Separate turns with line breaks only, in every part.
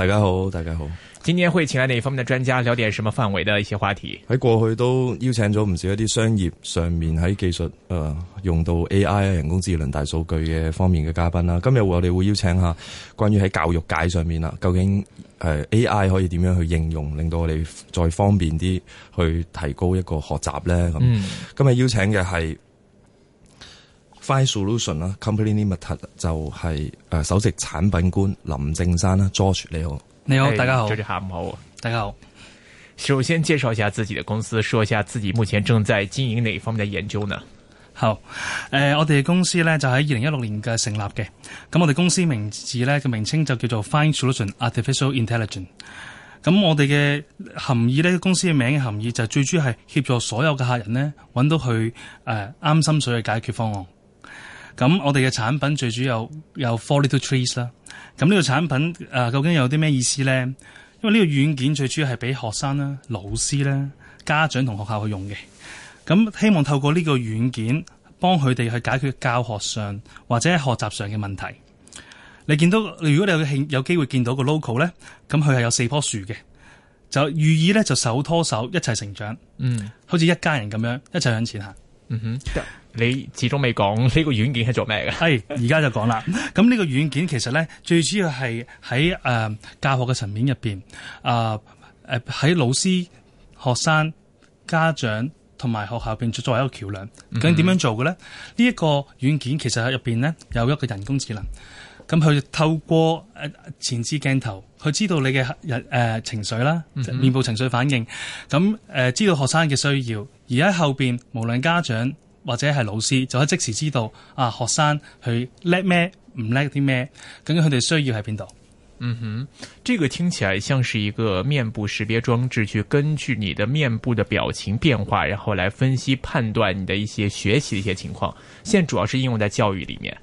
大家好，大家好。今天會請來哪方面嘅專家，聊點什麼範圍的一些話題？
喺過去都邀請咗唔少一啲商業上面喺技術誒、呃，用到 AI、人工智能、大數據嘅方面嘅嘉賓啦。今日我哋會邀請下關於喺教育界上面啦，究竟誒、呃、AI 可以點樣去應用，令到我哋再方便啲去提高一個學習咧？咁、嗯、今日邀請嘅係。Find Solution Company Limited 就係、是，呃、首席產品官林正山啦。George 你好，你好，大家好，
欸、下午好，大家好。首先介紹一下自己嘅公司，說一下自己目前正在經營哪方面嘅研究呢？好，誒、呃，我哋公司呢，
就喺二零一六年嘅成立嘅。咁我哋公司名字呢，嘅名稱就叫做 Find Solution Artificial Intelligence。咁我哋嘅含義呢，公司嘅名嘅含義就係最主要係協助所有嘅客人呢，揾到佢誒啱心水嘅解決方案。咁我哋嘅產品最主要有 Four Little Trees 啦，咁呢個產品誒、呃、究竟有啲咩意思咧？因為呢個軟件最主要係俾學生啦、老師咧、家長同學校去用嘅，咁希望透過呢個軟件幫佢哋去解決教學上或者學習上嘅問題。你見到，如果你有興有機會見到個 logo 咧，咁佢係有四棵樹嘅，就寓意咧就手拖手一齊成長，嗯，好似一家人咁樣一齊向前行，
嗯哼。
你始終未講呢個軟件係做咩嘅？係而家就講啦。咁呢個軟件其實咧，最主要係喺誒教學嘅層面入邊，啊誒喺老師、學生、家長同埋學校入邊作作為一個橋樑。究竟點樣做嘅咧？呢一、mm hmm. 個軟件其實喺入邊咧有一個人工智能。咁佢透過誒前置鏡頭，佢知道你嘅日誒情緒啦，mm hmm. 面部情緒反應。咁誒、呃、知道學生嘅需要，而喺後邊無論家長。或者係老師，就可以即時知道啊，學生佢叻咩，唔叻啲咩，究竟佢哋需要喺
邊度？嗯哼，呢個聽起來像是一個面部識別裝置，去根據你的面部的表情變化，然後來分析判斷你的一些學習一些情況。現在主要是應用在教育
裏面，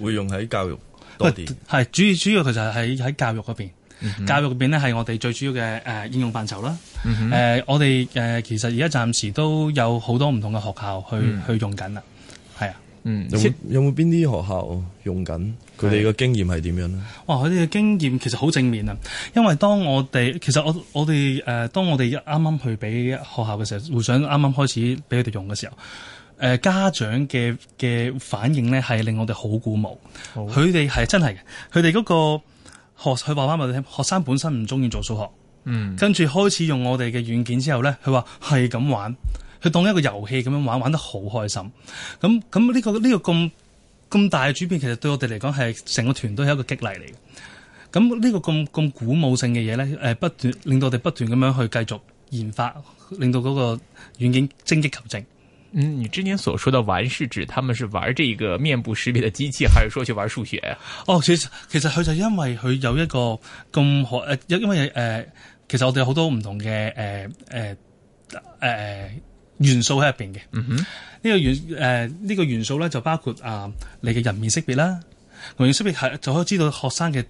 會用喺教育多啲，
係主要主要其實喺
喺教育嗰邊。Mm hmm. 教育邊呢，係我哋最主要嘅誒應用範疇啦。誒、呃 mm hmm. 呃，我哋誒、呃、其實而家暫時都有好多唔同嘅學校去、mm hmm. 去用緊啦。係啊
，mm hmm. 有有冇邊啲學校用緊？佢哋嘅經驗係點樣呢？
哇，佢哋嘅經驗其實好正面啊！因為當我哋其實我我哋誒當我哋啱啱去俾學校嘅時候，回想啱啱開始俾佢哋用嘅時候，誒、呃、家長嘅嘅反應呢係令我哋好鼓舞。佢哋係真係嘅，佢哋嗰個。學佢爸爸咪聽，學生本身唔中意做數學，嗯，跟住開始用我哋嘅軟件之後咧，佢話係咁玩，佢當一個遊戲咁樣玩，玩得好開心。咁咁呢個呢個咁咁大嘅轉變，其實對我哋嚟講係成個團隊係一個激勵嚟嘅。咁呢個咁咁鼓舞性嘅嘢咧，誒不斷令到我哋不斷咁樣去繼續研發，
令到嗰個軟件精益求精。嗯，你之前所說的玩是指他們是玩這個面部識別的機器，還是說去玩數學？哦，其實其實佢就因為佢
有一個咁好誒，因為誒、呃，其實我哋有好多唔同嘅誒誒誒元素喺入邊嘅。嗯哼，呢個元誒呢、呃這個元素咧就包括啊、呃、你嘅人面識別啦。容易識別係，就可以知道學生嘅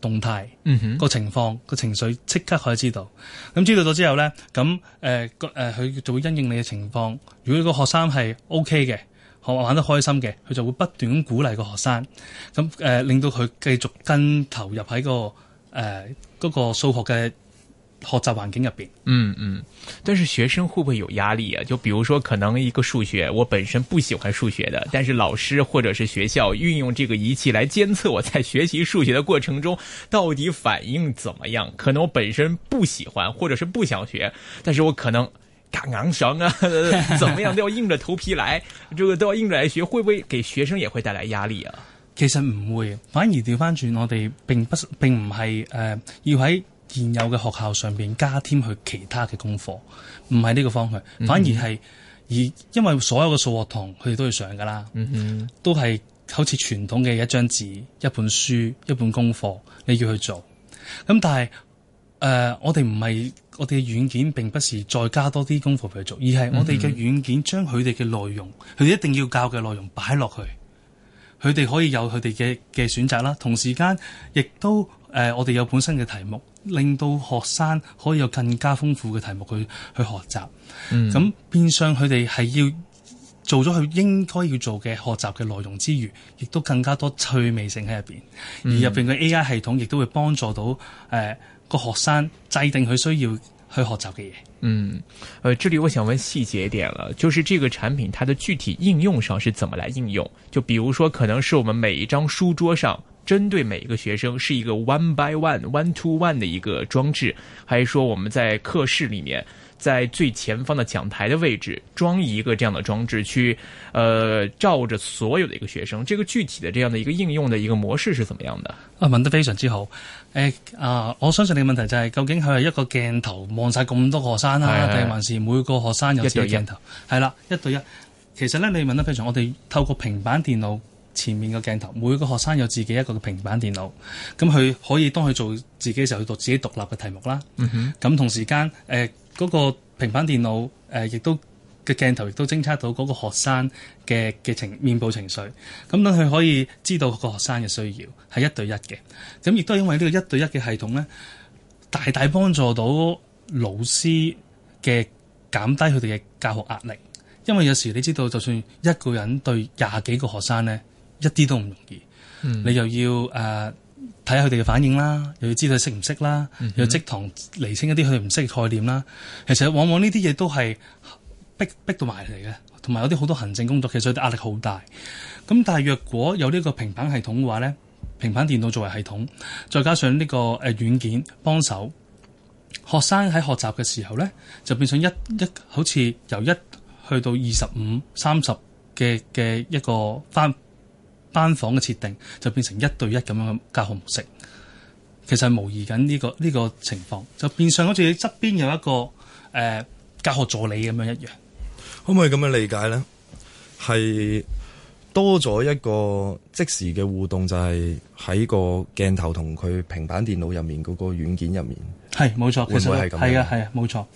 動態個、嗯、哼情況個情緒，即刻可以知道。咁知道咗之後咧，咁誒個誒佢就會因應你嘅情況。如果個學生係 OK 嘅，學玩得開心嘅，佢就會不斷鼓勵個學生。咁誒、呃、令到佢繼續跟投入
喺、個誒嗰、呃個數學嘅學習環境入邊，嗯嗯，但是學生會不會有壓力啊？就比如說，可能一個數學，我本身不喜歡數學的，但是老師或者是學校運用這個儀器來監測我在學習數學的過程中到底反應怎麼樣，可能我本身不喜歡，或者是不想學，但是我可能硬硬上啊，怎麼樣都要硬着頭皮來，這個 都要硬着來學，會不會給學生也會帶來壓力啊？
其實唔會，反而調返轉，我哋並不並唔係誒要喺。現有嘅學校上邊加添去其他嘅功課，唔係呢個方向，嗯、哼反而係而因為所有嘅數學堂佢哋都要上噶啦，嗯、哼都係好似傳統嘅一張紙、一本書、一本功課你要去做。咁但係誒、呃，我哋唔係我哋嘅軟件，並不是再加多啲功課俾佢做，而係我哋嘅軟件將佢哋嘅內容，佢哋、嗯、哼一定要教嘅內容擺落去，佢哋可以有佢哋嘅嘅選擇啦。同時間亦都誒、呃，我哋有本身嘅題目。令到學生可以有更加豐富嘅題目去去學習，咁變相佢哋係要做咗佢應該要做嘅學習嘅內容之餘，亦都更加多趣味性喺入邊。而入邊嘅 AI 系統亦
都會幫助到誒、呃、個學生制定佢需要去學習嘅嘢。嗯，誒、呃，這裡我想問細節點啦，就是這個產品它的具體應用上是怎麼來應用？就譬如說，可能是我們每一張書桌上。針對每一個學生是一個 one by one、one to one 的一個裝置，還是說我們在課室裏面，在最前方的講台的位置裝一個這樣的裝置去，呃，照着所有的一個學生，這個具體的這樣的一個應用的一個模式是怎麼樣的？
啊問得非常之好，誒啊、呃，我相信你嘅問題就係、是、究竟佢係一個鏡頭望晒咁多學生啦、啊，定、哎、還是每個學生有自己鏡頭？係啦，一對一。其實呢，你問得非常，我哋透過平板電腦。前面個鏡頭，每個學生有自己一個平板電腦，咁佢可以當佢做自己嘅時候，去讀自己獨立嘅題目啦。咁、嗯、哼同時間誒嗰個平板電腦誒亦都嘅鏡、嗰個、頭亦都偵測到嗰個學生嘅嘅情面部情緒，咁等佢可以知道個學生嘅需要係一對一嘅。咁亦都因為呢個一對一嘅系統咧，大大幫助到老師嘅減低佢哋嘅教學壓力。因為有時你知道，就算一個人對廿幾個學生咧。一啲都唔容易，嗯、你又要誒睇下佢哋嘅反應啦，又要知道識唔識啦，嗯、哼又要即堂釐清一啲佢哋唔識概念啦。其實往往呢啲嘢都係逼逼到埋嚟嘅，同埋有啲好多行政工作，其實壓力好大。咁但係若果有呢個平板系統嘅話咧，平板電腦作為系統，再加上呢個誒軟件幫手，學生喺學習嘅時候咧，就變成一一好似由一去到二十五三十嘅嘅一個翻。班房嘅設定就變成一對一咁樣嘅教學模式，其實係模擬緊呢個呢個情況，就變相好似你側邊有一個誒
教學助理咁樣一樣，可唔可以咁樣理解咧？係多咗一個即時嘅互動，就係喺個鏡頭同佢平板電腦入面嗰個軟件入面。係冇錯，會唔會其實係咁樣？
係啊，係啊，冇錯。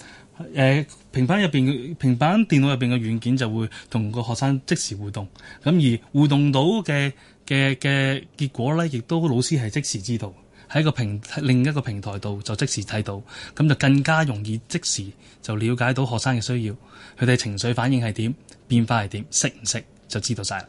誒平板入邊，平板電腦入邊嘅軟件就會同個學生即時互動，咁而互動到嘅嘅嘅結果咧，亦都老師係即時知道，喺個平另一個平台度就即時睇到，咁就更加容易即時就了解到學生嘅需要，佢哋情緒反應係點，變化係點，識唔識，就知道晒啦。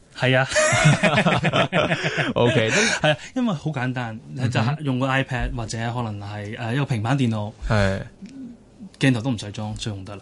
係啊是 ，OK 都係啊，因為好簡單，
就、嗯、哼用個 iPad 或者可能係誒一個平板電腦，係的鏡頭都唔使裝，就用得啦。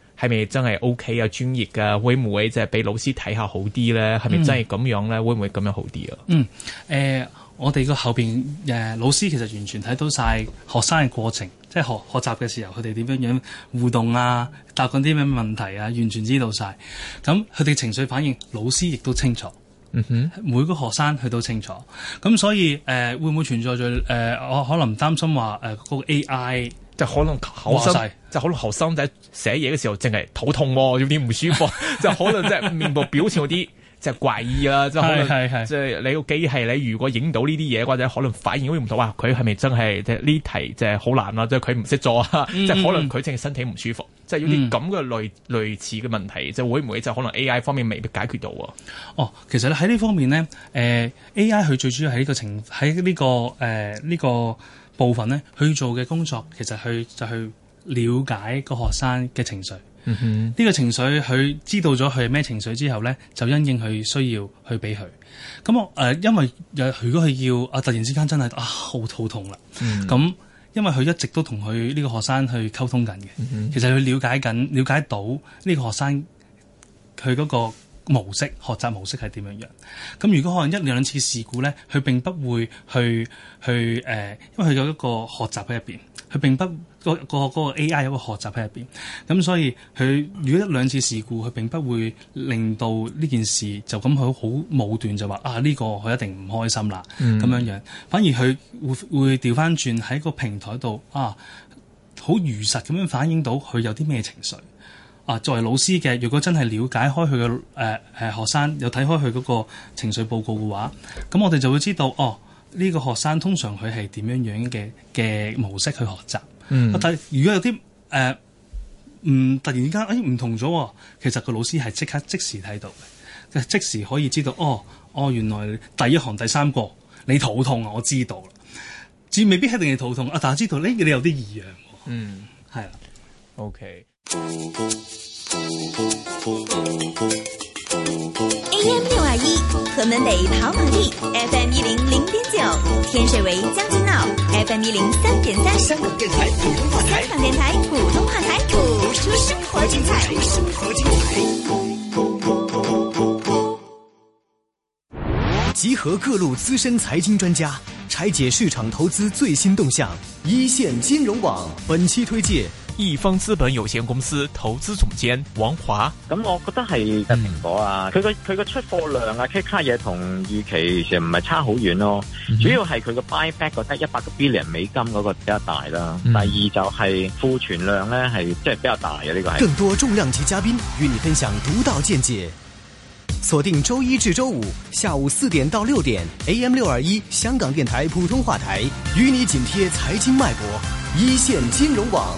係咪真係 O K 啊？專業噶、啊，會唔會即係俾老師睇下好啲咧？係咪真係咁樣咧？嗯、會唔會咁樣好啲啊？嗯，
誒、呃，我哋個後邊誒、呃、老師其實完全睇到晒學生嘅過程，即係學學習嘅時候，佢哋點樣樣互動啊，答緊啲咩問題啊，完全知道晒。咁佢哋情緒反應，老師亦都清楚。嗯哼，每個學生佢都清楚。咁所以誒、呃，會唔會存在咗？誒、呃？我可能擔心話誒，嗰個 A I。就可能後生、嗯、
就可能後生仔寫嘢嘅時候淨係肚痛、啊，有啲唔舒服， 就可能即係面部表情有啲即係怪異啦、啊。即係係係即係你個機器，你如果影到呢啲嘢或者可能反應好似唔到哇，佢係咪真係即係呢題即係好難啦？即係佢唔識做啊？即、就、係、是嗯、 可能佢淨係身體唔舒服，即係、嗯、有啲咁嘅類類似嘅問題，就會唔會就可能 A I 方面未必解決到、啊？
哦，其實咧喺呢方面呢誒、呃、A I 佢最主要喺呢個情喺呢個誒呢個。呃這個部分呢去做嘅工作，其實佢就去了解個學生嘅情緒。呢、mm hmm. 個情緒，佢知道咗佢係咩情緒之後呢，就因應佢需要去俾佢。咁我誒，因為誒，如果佢要啊，突然之間真係啊，好肚痛啦。咁、mm hmm. 因為佢一直都同佢呢個學生去溝通緊嘅，mm hmm. 其實佢了解緊了解到呢個學生佢嗰個。模式學習模式係點樣樣，咁如果可能一兩次事故咧，佢並不會去去誒、呃、因為佢有一個學習喺入邊，佢並不、嗰個、嗰個 AI 有個學習喺入邊，咁所以佢如果一兩次事故，佢並不會令到呢件事就咁佢好武斷就話啊呢、呢個佢一定唔開心啦咁樣樣，反而佢會會調翻轉喺個平台度啊，好如實咁樣反映到佢有啲咩情緒。作為老師嘅，如果真係了解開佢嘅誒誒學生，有睇開佢嗰個情緒報告嘅話，咁我哋就會知道哦，呢個學生通常佢係點樣樣嘅嘅模式去學習。嗯、但係如果有啲誒唔突然之間誒、唔同咗、哦，其實個老師係即刻即時睇到嘅，即時可以知道哦哦，原來第一行第三個你肚痛、啊，我知道啦。只未必一定係肚痛啊，但係知道呢，你有啲異樣、哦。嗯，係
啦的。OK。am 六
二一，何文田跑馬地，fm 一零零點九，9，天水圍將軍澳，fm 一零三點三。香港電台普通話台，香港電台普通話台，播出生活精彩。生活精彩。集合各路資深財經專家，拆解市場投資最新動向。一線金融網本期推介。億方資本有限公司投資總監王華，咁我覺得係蘋果啊，佢個佢個出貨量啊，k 卡嘢同預期其實唔係差好遠咯，嗯、主要係佢個 buy back 覺得一百個 billion 美金嗰個比較大啦，嗯、第二就係庫存量咧係即係比較大嘅、啊、呢、這個係。更多重量級嘉賓與你分享獨到見解，鎖定周一至周五下午四點到六點 AM 六二一香港電台普通話台，與你緊貼財經脈搏，一線金融網。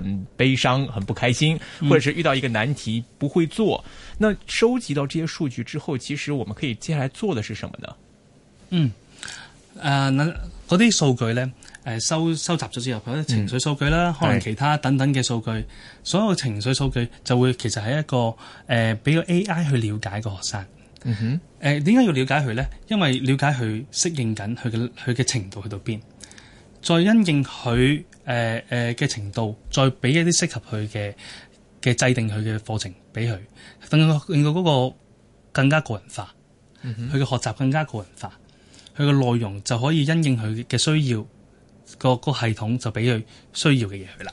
很悲傷，很不開心，或者是遇到一個難題不會做。那收集到這些數據之後，其實我們可以接下來做的是什麼呢？嗯，誒嗰啲數據呢，誒、呃、收收集咗之後，嗰啲情緒數據啦，嗯、
可能其他等等嘅數據，對所有情緒數據就會其實係一個誒俾、呃、個 AI 去了解個學生。嗯哼，誒點解要了解佢呢？因為了解佢適應緊佢嘅佢嘅程度去到邊，再因應佢。誒誒嘅程度，再俾一啲適合佢嘅嘅制定佢嘅課程俾佢，等到令到嗰個更加個人化，佢嘅、嗯、哼學習更加個人化，佢嘅
內容就可以因應佢嘅需要，嗰個、嗰個系統就俾佢需要嘅嘢佢啦。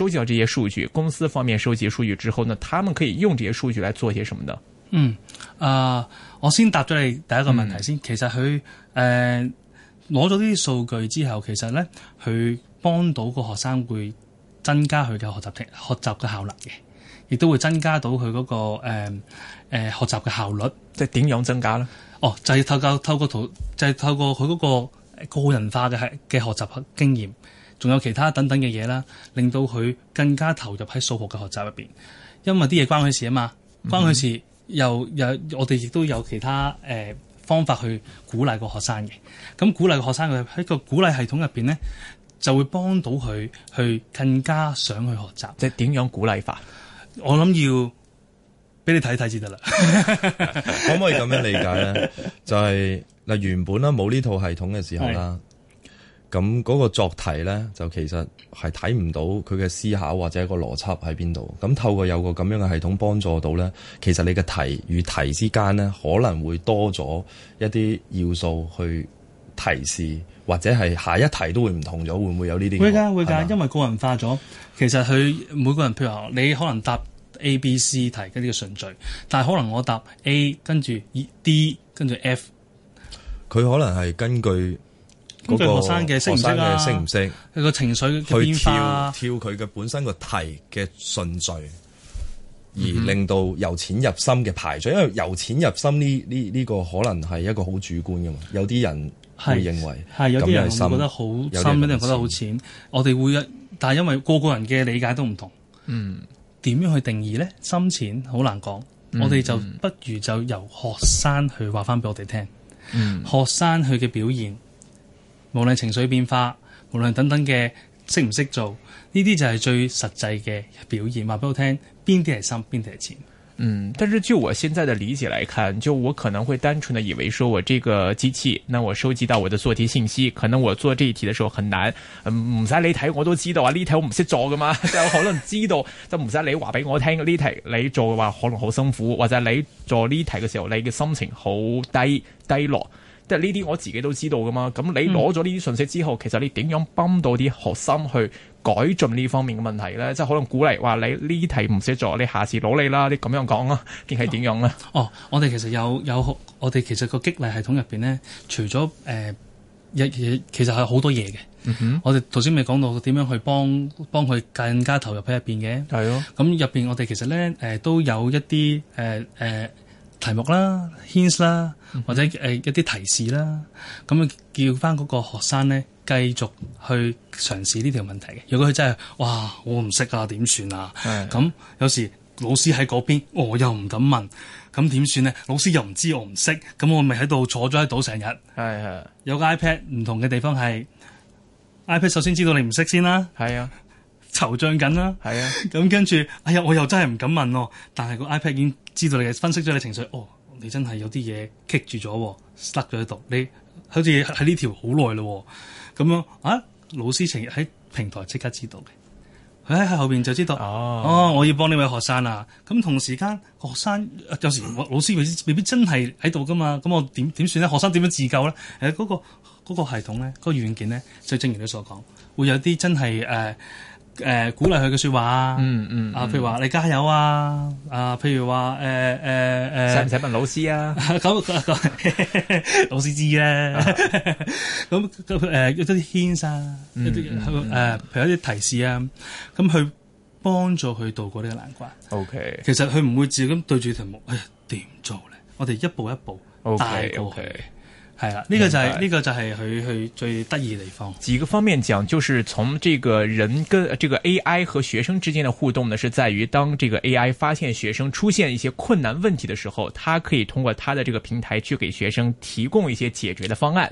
收集這些數據，公司方面收集數據之後呢，他們可以用這些數據來做些什麼呢？嗯，啊、
呃，我先答咗你第一個問題先。嗯、其實佢誒攞咗啲數據之後，其實呢，佢幫到個學生會增加佢嘅學習學習嘅效率嘅，亦都會增加到佢嗰、那個誒誒、呃、學習嘅效率。即係點樣增加呢？哦，就係、是、透過透過圖，就係、是、透過佢嗰個個人化嘅嘅學習經驗。仲有其他等等嘅嘢啦，令到佢更加投入喺數學嘅學習入邊，因為啲嘢關佢事啊嘛，關佢事、嗯、哼又又，我哋亦都有其他誒、呃、方法去鼓勵個學生嘅。咁鼓勵個學生嘅喺個鼓勵系統入邊咧，就會幫到佢去更加想去學習。
即係點樣鼓勵法？我諗要俾你睇睇先得啦。可唔可以咁樣理解咧？就係、是、嗱原本啦，冇呢套系統嘅時候啦。咁嗰個作題咧，就其實係睇唔到佢嘅思考或者一個邏輯喺邊度。咁透過有個咁樣嘅系統幫助到咧，其實你嘅題與題之間咧，可能會多咗一啲要素去提示，或者係下一題都會唔同咗，會唔會有呢啲？會㗎，會㗎，吧
因為個人化咗。其實佢每個人，譬如話你可能答 A、B、C 題嗰啲嘅順序，但係可能我答 A 跟住 D 跟住 F，
佢可能係根據。嗰個學生嘅識唔識啊，佢個情緒變化啊，去跳跳佢嘅本身個題嘅順序，而令到由淺入深嘅排序。因為由淺入深呢呢呢個可能係一個好主觀噶嘛。有啲人會認為係，有啲人覺得好深，有啲人覺得好
淺。我哋會，但係因為個個人嘅理解都唔同。嗯，點樣去定義咧？深淺好難講。我哋就不如就由學生去話翻俾我哋聽。嗯，學生佢嘅表現。無論情緒變化，無論等等嘅識唔識做，呢啲就
係最實際嘅表現。話俾我聽，邊啲係深，邊啲係淺。嗯，但是據我現在嘅理解嚟看，就我可能會單純地以為，說我這個機器，我收集到我的做題信息，可能我做呢一題嘅時候很難，唔、嗯、使你睇我都知道呢題我唔識做噶嘛，就可能知道， 就唔使你話俾我聽。呢題你做嘅話，可能好辛苦，或者你做呢題嘅時候，你嘅心情好低低落。即係呢啲我自己都知道噶嘛，咁你攞咗呢啲信息之後，嗯、其實你點樣幫到啲學生去改進呢方面嘅問題咧？即係可能鼓勵話你呢題唔寫咗，你下次攞你啦，你咁樣講啦，定係點樣咧、哦？哦，我哋其實有有我哋其實個激勵系統入邊咧，除咗誒、呃，
其實其實係好多嘢嘅。嗯、哼，我哋頭先咪講到點樣去幫幫佢更加投入喺入邊嘅。係咯的。咁入邊我哋其實咧誒、呃、都有一啲誒誒。呃呃題目啦，hints 啦，或者誒、呃、一啲提示啦，咁叫翻嗰個學生呢，繼續去嘗試呢條問題嘅。如果佢真係哇，我唔識啊，點算啊？咁有時老師喺嗰邊、哦，我又唔敢問，咁點算呢？老師又唔知我唔識，咁我咪喺度坐咗喺度成日。係的，有個 iPad 唔同嘅地方係 iPad 首先知道你唔識先啦。係啊的，惆悵緊啦。係啊的，咁跟住，哎呀，我又真係唔敢問喎，但係個 iPad 已經。知道你嘅分析咗你情緒，哦，你真係有啲嘢棘住咗，塞咗喺度，你好似喺呢條好耐咯，咁樣、嗯、啊？老師情喺平台即刻知道嘅，佢喺後邊就知道。哦，哦，我要幫呢位學生啦、啊。咁、嗯、同時間學生、啊、有時老師未必真係喺度㗎嘛。咁、嗯、我點點算咧？學生點樣自救咧？誒、嗯，嗰、嗰個嗰個系統咧，嗰、嗰個軟件咧，就正如你所講，會有啲真係誒。呃誒、呃，鼓勵佢嘅說話，嗯嗯，嗯啊，譬如話、嗯、你加油啊，啊，譬如話誒誒誒，使唔使問老師啊？咁 老師知啦、啊。咁咁誒一啲 hint 一啲誒，譬如一啲提示啊，咁去幫助佢度過呢個難關。
O Okay . K，其
實佢唔會照咁對住題目，誒、哎，點做咧？我哋一步一步
帶 Okay, 過去。Okay.
係啦，呢個就係，明白，呢個就係佢佢最得意嘅地方。
幾個方面講，就是從這個人跟這個 AI 和學生之間的互動呢，是在於當這個 AI 發現學生出現一些困難問題的時候，他可以通過他的這個平台去給學生提供一些解決的方案。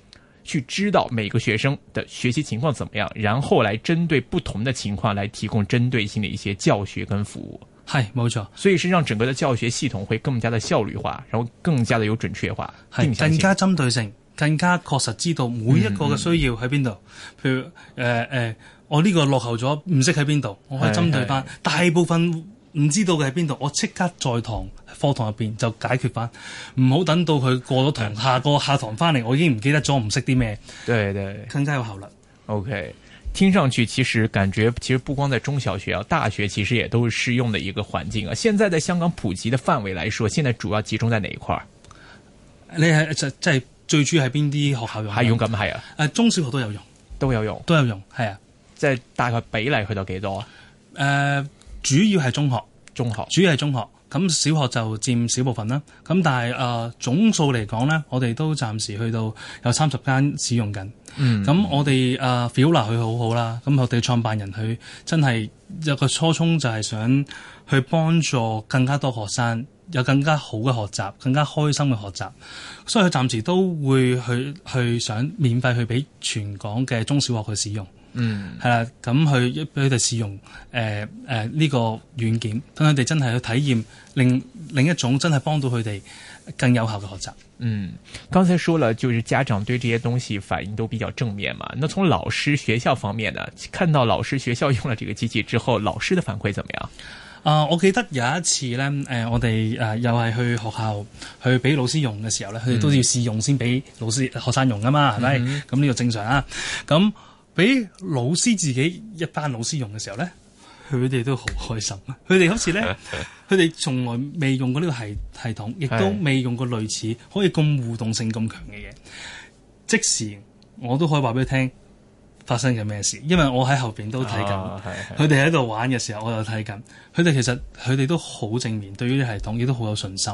去知道每個學生的學習情況怎麼樣，然後來針對不同的情況來提供針對性的一些教學跟服務。係冇錯，所以是讓整個的教學系統會更加的效率化，然後更加的有準確化，係是更加針對性，更加確實知道
每一個嘅需要喺邊度。嗯、譬如誒誒、呃呃，我呢個落後咗唔識喺邊度，我可以針對翻大部分。唔知道佢喺邊度，我即刻在課堂課堂入邊就解決翻，唔好等到佢過咗堂，下個下堂翻嚟，我已經唔記得咗，唔識啲咩。
對，對，更加有效率。OK，聽上去其實感覺其實不光在中小學，要大學其實也都是適用嘅一個環境啊。現在在香港普及嘅範圍嚟說，現在主要集中在哪一塊？你係即即係最主要係邊啲學校用？係，用緊係啊？誒、啊，中小學都有用，都有用，都有用，係啊。即係大概比例去到幾多啊？
誒、呃。主要係中學，中學主要係中學，咁小學就佔少部分啦。咁但係誒、呃、總數嚟講呢，我哋都暫時去到有三十間使用緊。咁、嗯、我哋誒、呃、表達佢好好啦。咁我哋創辦人佢真係有個初衷，就係想去幫助更加多學生，有更加好嘅學習，更加開心嘅學習。所以佢暫時都會去去想免費去俾全港嘅中小學去使用。嗯，係啦，咁去俾佢哋試用，誒誒呢個軟件，等佢哋真係去體驗，另另一種真係幫
到佢哋更有效嘅學習。嗯，剛才說了，就是家長對這些東西反應都比較正面嘛。那從老師、學校方面呢，看到老師、學校用了這個機器之後，老師的反饋怎麼樣？啊、呃，我記得有
一次呢，誒、呃，我哋誒又係去學校去俾老師用嘅時候呢，佢哋都要試用先俾老師、學生用㗎嘛，係咪、嗯哼？咁呢個正常啊，咁、嗯。俾老師自己一班老師用嘅時候咧，佢哋都好開心。佢哋好似咧，佢哋 從來未用過呢個係系統，亦都未用過類似可以咁互動性咁強嘅嘢。即時我都可以話俾你聽發生緊咩事，因為我喺後邊都睇緊。佢哋喺度玩嘅時候，我又睇緊。佢哋其實佢哋都好正面，對於呢個系統亦都好有信心。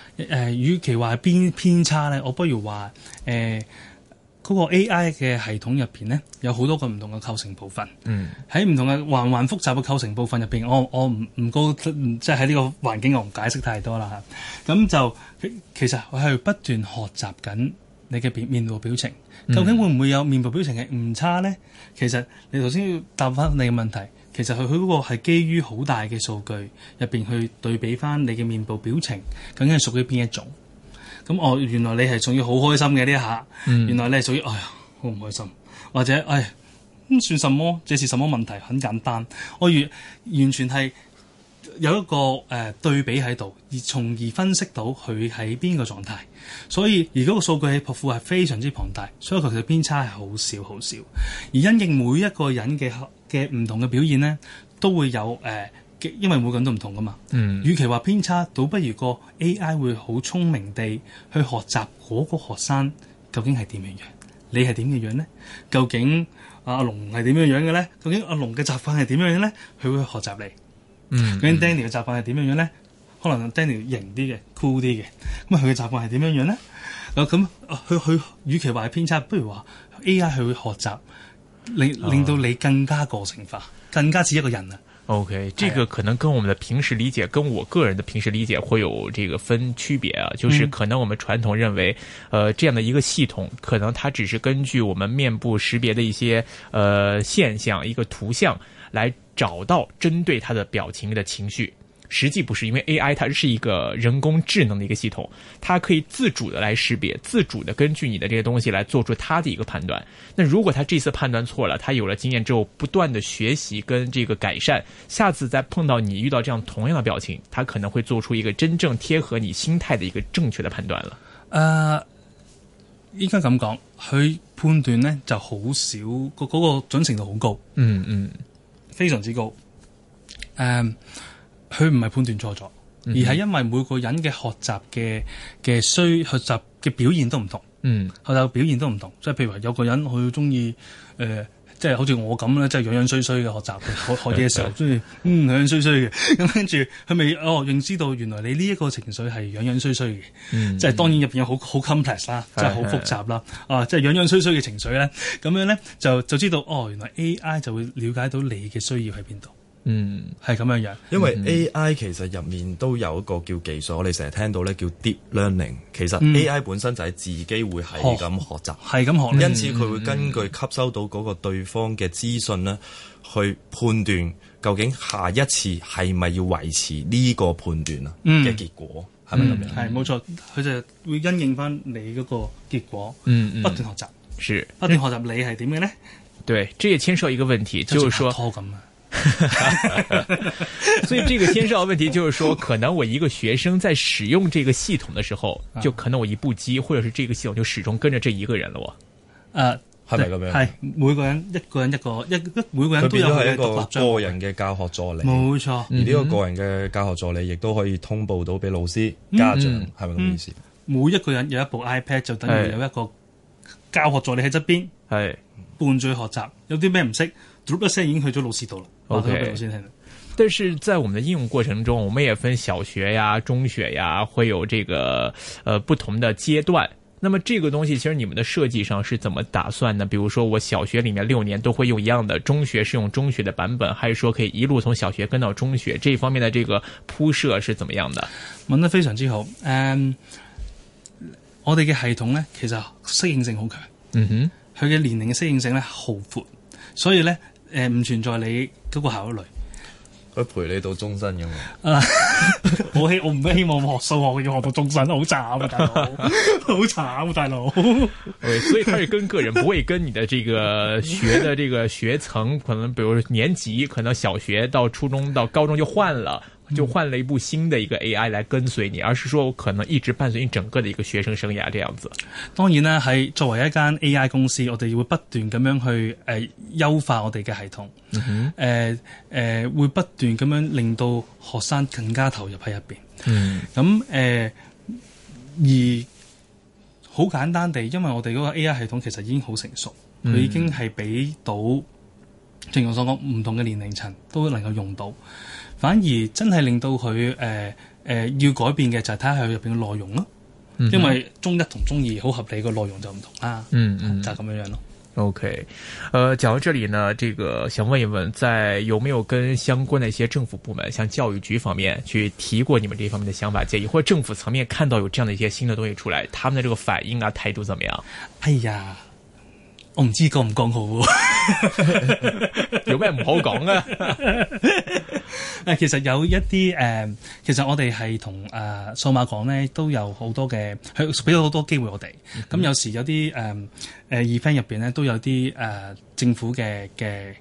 誒、呃，與其話邊偏差咧，我不如話誒，嗰、呃那個 AI 嘅
系統入邊呢，有好多個唔同嘅構成部分。嗯，喺唔同嘅環環複雜嘅構成部分入邊，我我唔唔告，即係喺呢個環境我唔解釋太多啦嚇。咁、啊、就其實我係不斷學習緊你嘅面面部表情，究竟會唔會有面部表情嘅誤差咧？嗯、其實你頭先要答翻你嘅問題。其實佢佢嗰個係基於好大嘅數據入邊去對比翻你嘅面部表情，究竟屬於邊一種？咁我原來你係屬於好開心嘅呢一下，原來你係屬於哎呀好唔開心，或者哎算什麼？這是什麼問題？很簡單，我完完全係有一個誒、呃、對比喺度，而從而分析到佢喺邊個狀態。所以而嗰個數據喺 a p 係非常之龐大，所以其實偏差係好少好少，而因應每一個人嘅。嘅唔同嘅表現咧，都會有誒、呃，因為每個人都唔同噶嘛。嗯，與其話偏差，倒不如個 AI 會好聰明地去學習嗰個學生究竟係點樣樣，你係點樣樣咧？究竟阿龍係點樣樣嘅咧？究竟阿龍嘅習慣係點樣樣咧？佢會去學習你。嗯，究竟 Daniel 嘅習慣係點樣樣咧？可能 Daniel 型啲嘅，cool 啲嘅，咁佢嘅習慣係點樣樣咧？咁佢佢，與其話係偏差，不如話 AI 去學習。令令到你更加個性化，更加似一個人啊
！OK，這個可能跟我們的平時理解，跟我個人的平時理解會有這個分區別啊。就是可能我們傳統認為，呃，這樣的一個系統，可能它只是根據我們面部識別的一些，呃，現象一個圖像，來找到針對他的表情的情緒。實際不是，因為 AI 它是一個人工智能的一個系統，它可以自主的來識別，自主的根據你的這些東西來做出它的一個判斷。那如果它這次判斷錯了，它有了經驗之後，不斷的學習跟這個改善，下次再碰到你遇到這樣同樣的表情，它可能會做出一個真正貼合你心態的一個正確的判斷了。呃，應該咁講，佢判斷呢就
好少，嗰、嗰、嗰個準程度好高，嗯嗯，非常之高，呃佢唔係判斷錯咗，而係因為每個人嘅學習嘅嘅需學習嘅表現都唔同，嗯、學習表現都唔同。即係譬如話有個人佢中意誒，即係好似我咁咧，即係樣樣衰衰嘅學習，學學嘢嘅時候中意 嗯樣樣衰衰嘅。咁跟住佢咪哦，認知到原來你呢一個情緒係樣樣衰衰嘅，嗯、即係當然入邊有好好 complex 啦，即係好複雜啦。的啊，即係樣樣衰衰嘅情緒咧，咁樣咧就就知道哦，原來 AI 就會了解到你嘅需要喺邊度。嗯，係咁樣樣，嗯、因為 A
I 其實入面都有一個叫技術，嗯、我哋成日聽到咧叫 deep learning，其實 A I 本身就係自己會係咁學習，係咁學，因此佢會根據吸收到嗰個對方嘅資訊呢，去判斷究竟下一次係咪要維持呢個判斷啊，
嘅結果係咪咁樣？係冇錯，佢就會因應翻你嗰個結果，不斷學
習，
不斷學習。你係
點嘅呢？對，即係牽涉一個問題，就是說。所以這個先上問題就是說，可能我一個學生在使用這個系統的時候，就可能我一部機，或者是這個系統就始終跟着這一個人咯。誒，係咪咁樣？係
每個人一個人一個一一每個人都有一個
個人嘅教學助理，冇錯。而呢個個人嘅教學助理亦都可以通報到俾老師家長，係咪咁意思？
每一個人有一部 iPad 就等於有一個
教學助理喺側邊，係
伴住學習，有啲咩唔識。全部聲已經去咗老師度啦。O Okay. K，Okay.
但是在我們的應用過程中，我們也分小學呀、中學呀，會有這個呃不同的階段。那麼這個東西，其實你們的設計上是怎麼打算呢？比如說我小學裏面六年都會用一樣的，中學是用中學的版本，還是說可以一路從小學跟到中學？這方面的這個鋪設是怎麼樣的？問得非常之好。誒、
嗯，我哋嘅系統呢，其實適應性好強。嗯哼，佢嘅年齡嘅適應性呢，好闊，所以呢。誒，唔、呃、存在你嗰個考慮，
佢陪你到終身咁
我希我唔希望我學數學要學到終身，好慘、啊，大佬， 好慘、啊，大佬。
Okay, 所以佢係跟個人，不會跟你嘅呢個學嘅呢個學層，可能比如年級，可能小學到初中到高中就換啦。就換了一部新的一個 AI 來跟隨你，而是說我可能一直伴隨你整個的一個學生生涯這樣子。當然啦，係作為一間 AI 公司，我哋會不斷
咁樣去誒、呃、優化我哋嘅系統，誒誒、嗯哼呃呃、會不斷咁樣令到學生更加投入喺入邊。咁誒、嗯呃、而好簡單地，因為我哋嗰個 AI 系統其實已經好成熟，佢已經係俾到、嗯、正如我所講，唔同嘅年齡層都能夠用到。反而真係令到佢誒誒要改變嘅就係睇下佢入邊嘅內容咯、啊，嗯、哼因為中一同中二好合理，個內容就唔同啦，啊、嗯嗯，就咁樣咯。
OK，呃，講到這裡呢，這個想問一問，在有沒有跟相關嘅一些政府部門，像教育局方面，去提過你們這方面嘅想法建議，或者政府層面看到有這樣的一些新嘅東西出來，他們嘅這個反應啊，態度怎麼樣？哎呀！我唔知講唔講好，有咩唔好講啊？
誒， 其實有一啲誒，呃，其實我哋係同誒數碼港咧都有好多嘅，係俾咗好多機會我哋。咁、嗯、哼有時有啲誒誒，event 入邊咧都有啲誒，呃，政府嘅嘅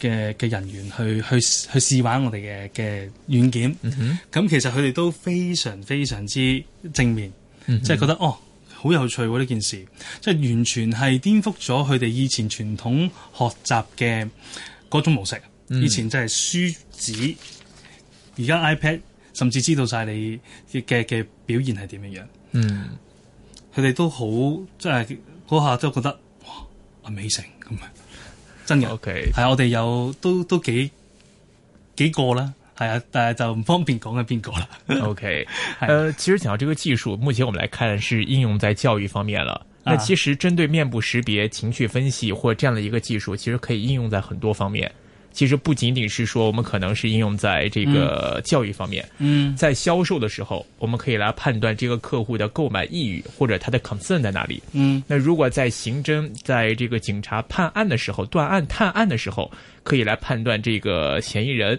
嘅嘅人員去去去試玩我哋嘅嘅軟件。咁、嗯、哼其實佢哋都非常非常之正面，即係、嗯、哼覺得哦。好有趣喎！呢件事，即係完全係顛覆咗佢哋以前傳統學習嘅嗰種模式。嗯、以前真係書紙，而家 iPad 甚至知道晒你嘅嘅表現係點樣樣。嗯，佢哋都好即係嗰下都覺得哇，amazing 咁啊！真嘅，係 Okay. 我哋有都都幾幾個啦。
係啊，但係就唔方便講係邊個啦。OK，呃，其實講到這個技術，目前我們來看是應用在教育方面了。啊、那其實針對面部識別、情緒分析或這樣的一個技術，其實可以應用在很多方面。其實不僅僅是說，我們可能是應用在這個教育方面。嗯，在銷售的時候，我們可以來判斷這個客戶的購買意欲或者他的 concern 在哪裡。嗯，那如果在刑偵，在這個警察判案的時候、斷案、探案的時候，可以來判斷這個嫌疑人。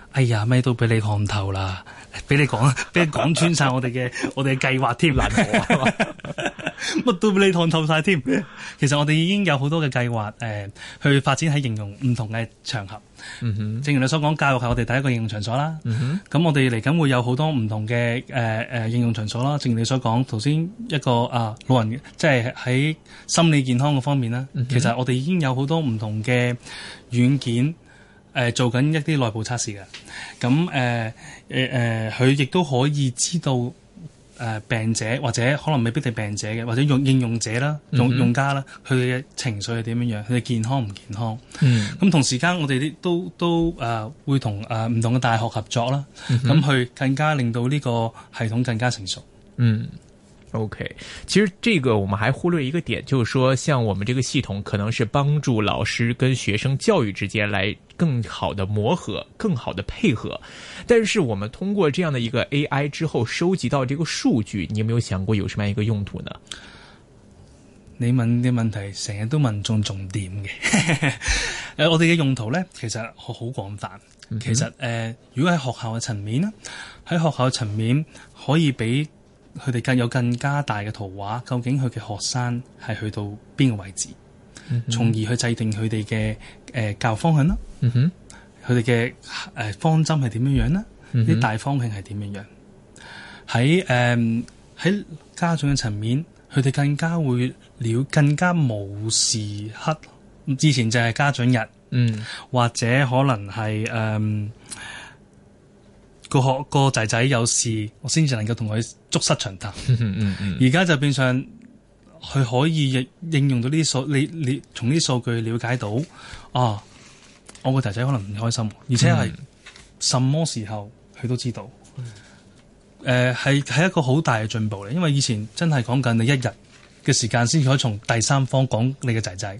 哎呀，咩都俾你看
透啦！俾你講，俾 你講穿晒我哋嘅 我哋嘅計劃添，難乜都俾你看透晒添。其實我哋已經有好多嘅計劃，誒、呃，去發展喺應用唔同嘅場合。嗯哼、mm，hmm。正如你所講，教育係我哋第一個應用場所啦。咁、mm hmm。我哋嚟緊會有好多唔同嘅誒誒應用場所啦。正如你所講，頭先一個啊、呃、老人，即係喺心理健康嘅方面啦。Mm hmm。其實我哋已經有好多唔同嘅軟件。誒、呃，做緊一啲內部測試嘅，咁、嗯、誒，誒、呃，誒、呃，佢亦都可以知道誒、呃，病者，或者可能未必係病者嘅，或者用應用者啦，用用家啦，佢嘅情緒係點樣樣，佢嘅健康唔健康。嗯，咁、嗯、同時間我哋都都誒、呃，會、呃、同誒唔同嘅大學合作啦，咁
去、嗯、哼更加令到呢個系統更加成熟。嗯。OK，其實這個我們還忽略一個點，就是說，像我們這個系統可能是幫助老師跟學生教育之間來更好的磨合，更好的配合。但是我們通過這樣的一個 AI 之後收集到這個數據，你有沒有想過有什麼樣一個用途呢？你問啲問題成日都問中重點嘅
呃，我哋嘅用途呢，其實好廣泛。其實、呃、如果喺學校嘅層面咧，喺學校嘅層面可以畀……佢哋更有更加大嘅圖畫，究竟佢嘅學生係去到邊個位置，嗯、哼從而去制定佢哋嘅誒教育方向啦。嗯、哼，佢哋嘅誒方針係點樣樣呢？啲、嗯、哼大方向係點樣樣？喺誒喺家長嘅層面，佢哋更加會了更加無時刻。之前就係家長日，嗯，或者可能係誒。呃個學個仔仔有事，我先至能夠同佢促膝長談。而家 就變相佢可以應用到呢啲數，你你從呢啲數據了解到，啊，我個仔仔可能唔開心，而且係什麼時候佢都知道。誒、 呃，係係一個好大嘅進步嚟，因為以前真係講緊你一日嘅時間先至可以從第三方講你嘅仔仔。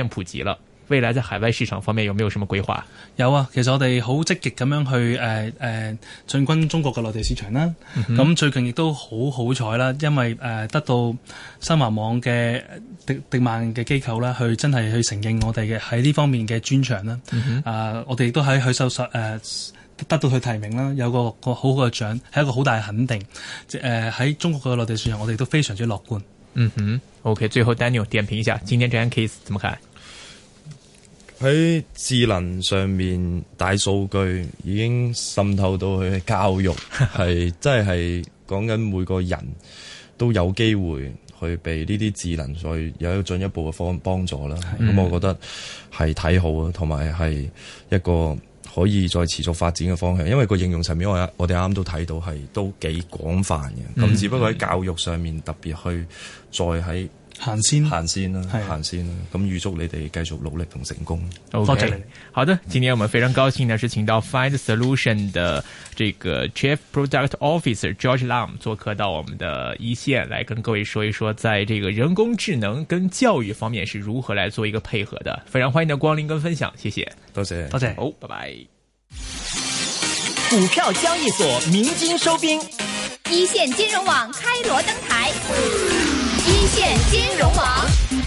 普及啦，未來在海外市場方面有沒有什麼規劃？有啊，其實我哋好積極咁樣去
誒誒進軍中國嘅內地市場啦。咁、嗯、哼最近亦都好好彩啦，因為誒、呃、得到新華網嘅迪迪萬嘅機構啦，去真係去承認我哋嘅喺呢方面嘅專長啦。啊、呃，我哋亦都喺去搜索，誒、呃、得到佢提名啦，有個個好嘅獎，係一個好大嘅肯定。誒、呃、喺中國嘅內地市
場，我哋都非常之樂觀。嗯哼，OK，最後 Daniel 點評一下，今天呢樣 case 怎麼
喺智能上面，大數據已經滲透到去教育，係 真係講緊每個人都有機會去被呢啲智能所有一個進一步嘅方幫助啦。咁的我覺得係睇好啊，同埋係一個可以再持續發展嘅方向。因為個應用層面我我哋啱啱都睇到係都幾廣泛嘅。咁的只不過喺教育上面特別去再喺。行先，行先啦、啊，行先啦、啊。咁預祝你哋繼續努力同成功。OK，好的，今天我們非常高
興呢，是請到 Find Solution 的這個 Chief Product Officer George Lam 做客到我們的一線，來跟各位說一說，在這個人工智能跟教育方面是如何來做一個配合的。非常歡迎的光臨跟分享，謝謝。多謝，多謝，好，拜拜。股票交易所鳴金收兵，一線金融網開鑼登台。一線金融王。